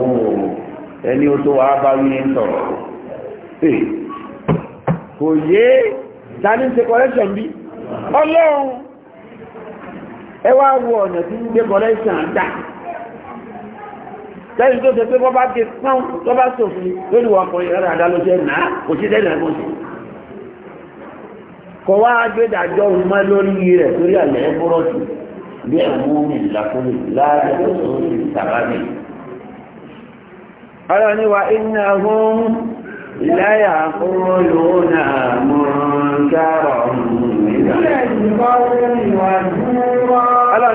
S2: o ṣe ẹni o tó wà bá wí ń kò yé tani ṣe correction bí ọlọ́run ẹwà wá ọ̀nà tí ń gbé correction dà lẹ́yìn tó ṣe pé wọ́n bá gé pọ́n tó bá lórí wọn kò yẹra àdá ló kò sí ẹ̀kọ́ sí wá lórí rẹ̀ torí àlẹ́ ọlọ́ni wa iná hún láyà kúròlónà mọ́ńdárọ̀ ọlọ́ni mìíràn
S1: ọ̀rọ̀ tí wàjú rọ ọrụ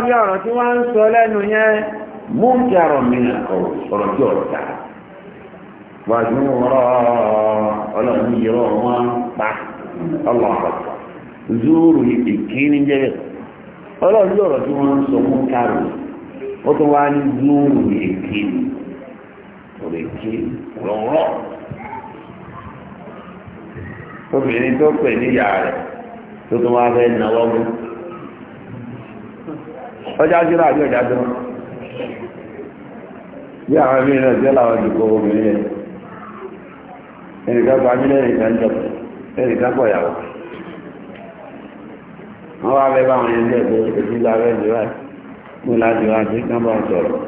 S2: yẹrọ ọrụ pa ọlọ́rọ̀ zúúrù ìkíni ọrụ ọrụ. ọ̀rọ̀ tí wọ́n ń sọ ó wá ní zúúrù òrèké rọ̀rọ̀ obìnrin tó pè níyà rẹ̀ tó tó máa fẹ́ náwó mú
S3: ọjà jùlọ àbí ọjà jùlọ bí àwọn ẹbí náà jẹ́ làwọn jù kó obìnrin yẹn
S2: ẹnìkan pa mílẹ̀ ẹnìkan jọ ẹnìkan pọ̀ yàwó wọ́n wá fẹ́ bá ẹni ẹgbẹ́ òṣèlú abẹ́ jù wáyé láti wá sí kábọ̀ sọ̀rọ̀.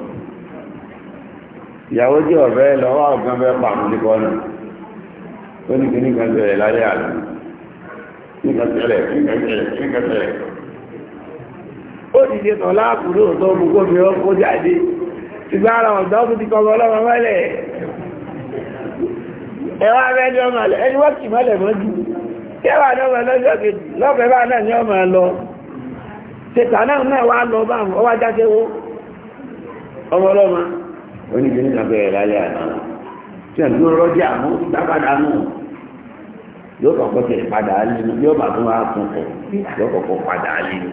S2: ìyàwó jẹ́ ọ̀rẹ́ lọ́wọ́ ọ̀gán fẹ́ pàmò ní ní kí tẹ̀lẹ̀ tẹ̀lẹ̀ tẹ̀lẹ̀ ó ti ṣe tó gbogbo jáde ọ̀dọ́ ti ọmọ ní lọ oníbi nígbà bẹ̀rẹ̀ láyé àná tí àti ọlọ́jà mú ìgbà padà nù yóò kọ̀kọ́ tẹ̀ padà nínú yóò bá tún wá tún kọ̀ yóò kọ̀kọ́ padà nínú.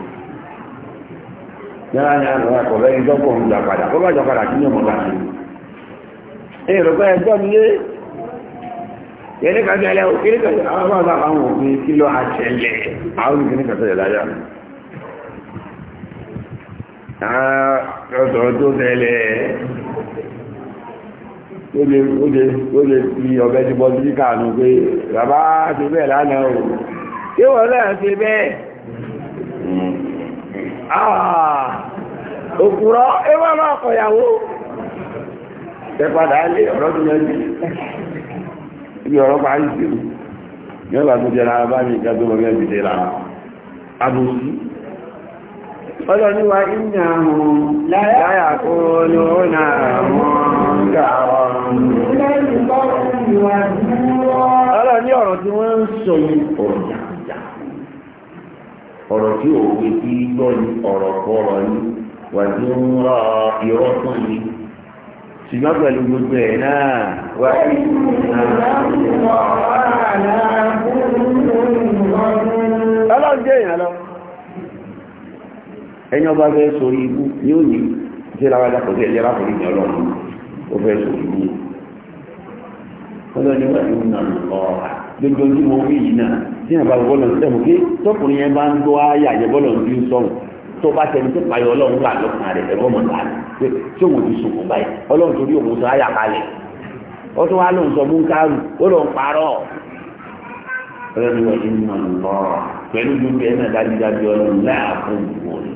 S2: yàrá ni àwọn akọ̀ lẹ́yìn dọ́kọ̀ ń gbà padà kó bá jọ padà sí ní ọmọ láti rí. èrò pé ẹgbọ́n mi lé kìnìkan tẹ̀lé o kìnìkan tẹ̀lé àwọn bá àwọn òfin kílọ̀ àtẹ̀lẹ̀ àwọn olùkìnìkan tẹ̀lé láyé àná àwọn ọ̀sọ̀rọ̀ tó tẹ̀lé ó lè ó lè ó lè fi ọ̀bẹ ti bọ́ pé bàbá bẹ́ẹ̀ lánàá o ṣé wọ́n náà ṣe bẹ́ẹ̀ ah, òkúrọ̀ ẹ wá máa ẹ padà lé ọ̀rọ̀ tó ibi ọ̀rọ̀ pa ní ọgbà tó bá ọlọ́niwa iná wọn láyà kó lóòrùn àwọn gàrọ̀ ọlọ́ni
S1: ọ̀rọ̀ tí wọ́n ń
S2: sọ yìí ọ̀rọ̀ yàjà ọ̀rọ̀ tí òwe tí gbọ́ ọ̀rọ̀ kọ̀ọ̀rọ̀ ní wà tí ó ń rọ irọ́ tán ní ṣùgbọ́n pẹ̀lú gbogbo ẹ̀ náà wà ní ọlọ́run jẹ́ ìyàn lọ ẹni ọba fẹ́ sórí ibú ní òní ṣe lára dàpọ̀ sí ẹ̀jẹ̀ láti ìyẹn ọlọ́run ó fẹ́ sórí ibú ọlọ́ni wà ní ọ̀nà ọ̀rọ̀ gbogbo tí mo rí yìí náà tí yàrá bá bọ́lọ̀ ní tẹ̀mù kí tọkùnrin yẹn bá ń gbọ́ ayé àyè bọ́lọ̀ ní bíi sọ̀rọ̀ tó bá tẹnu tó payọ ọlọ́run wà lọ́kàn rẹ̀ ẹ̀rọ mọ̀ náà pé tí òun ti sùn fún báyìí ọlọ́run torí òun sọ ayà kalẹ̀ ó tún wá lóun sọ mú kárù ó lóun parọ́ ọlọ́run wà ní ọ̀nà ọ̀rọ̀ pẹ̀lú gbogbo ẹ̀ náà dájúdájú ọlọ́run láàbùn ìwọ̀n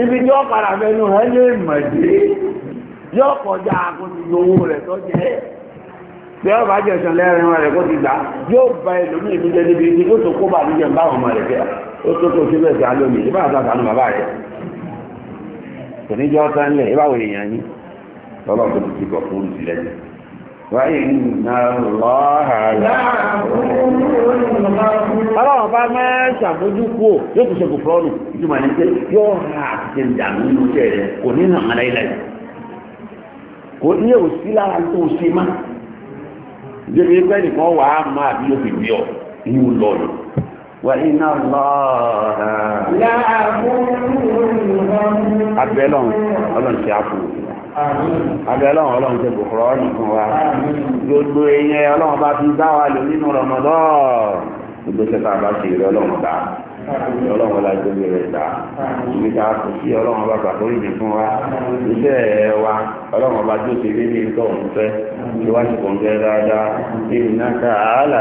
S2: ibi tí wọ́n padà fẹ́nu rẹ̀ lè mọ̀dé yóò kọjá àkóso owó rẹ̀ tó jẹ́ bí wọ́n bá jẹ̀ sàn lẹ́rìn rẹ̀ kó ti gbà yóò ba ẹlòmíì mi jẹ́ níbi ibi tó tó kó bà ní jẹ́ báwọn ọmọ rẹ̀ fẹ́ ó tó tó síbẹ̀ sí alómi ìbá àtàkànú bàbá rẹ̀ kò ní jọ́ sánlẹ̀ ìbáwò èèyàn ní lọ́lọ́ وإن الله Ọlọ́run bá ò yóò tó ṣogbo fọ́ọ̀nù ìjúmọ̀ ní pé yóò ha àti ìdàmú inú iṣẹ́ rẹ̀ kò ní ilẹ̀. Kò ní ò sí lára tó ṣe má. Ìjọba ẹgbẹ́ nìkan wà á máa bí ó fi bí ọ ní Wà iná
S1: lọ́ọ̀rọ̀.
S2: abẹ́lẹ́ ọ̀hún ọlọ́run ti bùkúrọ́ ọ̀nì fún wa gbogbo ẹ̀yẹ ọlọ́run bá fi dá wa lò nínú rọmọdọ́ gbogbo tẹ́ta bá ṣe ìrẹ́ ọlọ́run dá ọlọ́run ọlá gbogbo rẹ̀ dá ìwé ta kò sí ọlọ́run bá pàtó ìdí fún wa iṣẹ́ ẹ̀ wa ọlọ́run ọba tó ti rí ní ìtọ́ òun fẹ́ tí wá sí kòun fẹ́ dáadáa èmi náà ká àálà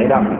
S2: ẹ̀ dàpọ̀.